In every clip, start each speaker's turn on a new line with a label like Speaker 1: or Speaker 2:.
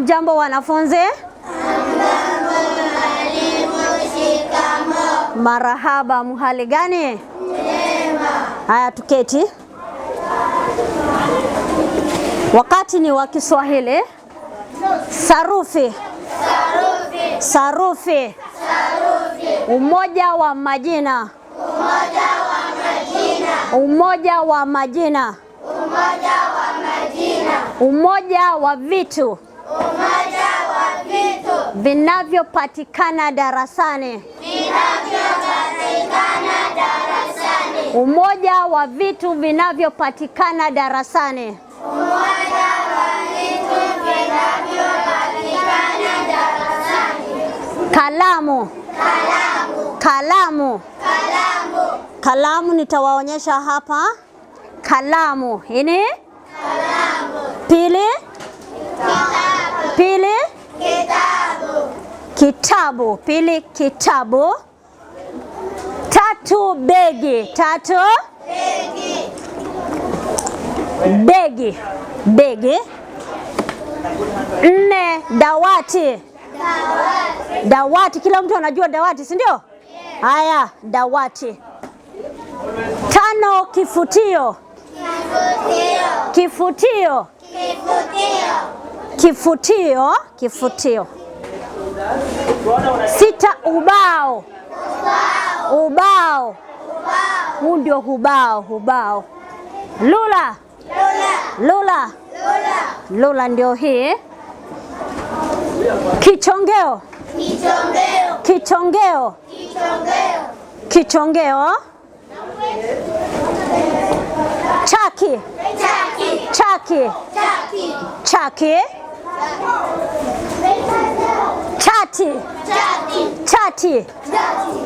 Speaker 1: Mjambo wanafunzi.
Speaker 2: Mjambo mwalimu. Shikamo.
Speaker 1: Marahaba. Muhali gani?
Speaker 2: Njema.
Speaker 1: Haya, tuketi. Wakati ni wa Kiswahili. Sarufi. Sarufi. Sarufi.
Speaker 2: Sarufi.
Speaker 1: Umoja wa majina.
Speaker 2: Umoja wa majina.
Speaker 1: Umoja wa majina.
Speaker 2: Umoja wa majina.
Speaker 1: Umoja wa vitu
Speaker 2: umoja wa vitu
Speaker 1: vinavyopatikana darasani,
Speaker 2: vinavyopatikana darasani,
Speaker 1: umoja wa vitu vinavyopatikana darasani,
Speaker 2: umoja wa vitu vinavyopatikana darasani,
Speaker 1: kalamu, kalamu, kalamu,
Speaker 2: kalamu,
Speaker 1: kalamu. Nitawaonyesha hapa kalamu ini,
Speaker 2: kalamu
Speaker 1: pili kitabu, pili kitabu, tatu begi, tatu begi, begi, nne dawati, dawati, dawati. Kila mtu anajua dawati, si ndio? Haya, dawati. Tano kifutio, kifutio, kifutio, kifutio, kifutio, kifutio tunaita ubao, ubao,
Speaker 2: ubao.
Speaker 1: Huu ndio ubao, ubao. Lula, lula, lula ndio hii. Kichongeo, kichongeo,
Speaker 2: kichongeo,
Speaker 1: kichongeo. Chaki, chaki,
Speaker 2: chaki,
Speaker 1: chaki. Chati, chati, chati.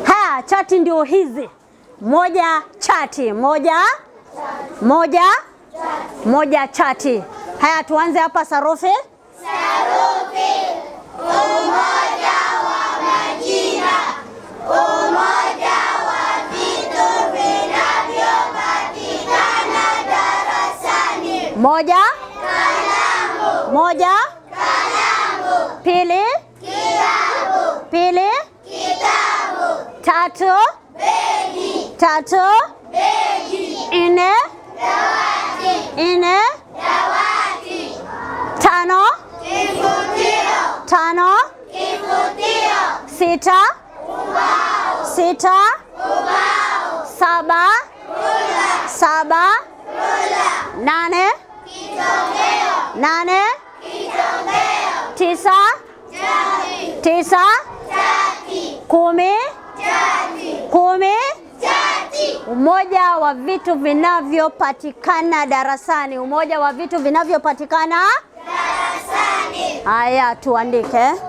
Speaker 1: Haya, chati ndio hizi moja chati moja chati. moja chati. moja chati. Haya, tuanze hapa sarufi.
Speaker 2: Sarufi. Umoja wa majina, umoja wa vitu vinavyopatikana darasani. Moja, kalamu.
Speaker 1: moja Pili.
Speaker 2: Kitabu. Pili. Kitabu. Tatu. Begi. Tatu. Begi. Nne. Dawati. Nne. Dawati. Tano. Kifutio. Tano. Kifutio. Sita. Ubao. Sita. Ubao. Saba. Rula. Saba. Rula. Nane. Kitokeo.
Speaker 1: Nane tisa
Speaker 2: chati, tisa chati, kumi chati, kumi chati.
Speaker 1: Umoja wa vitu vinavyopatikana darasani, umoja wa vitu vinavyopatikana
Speaker 2: darasani.
Speaker 1: Haya, tuandike.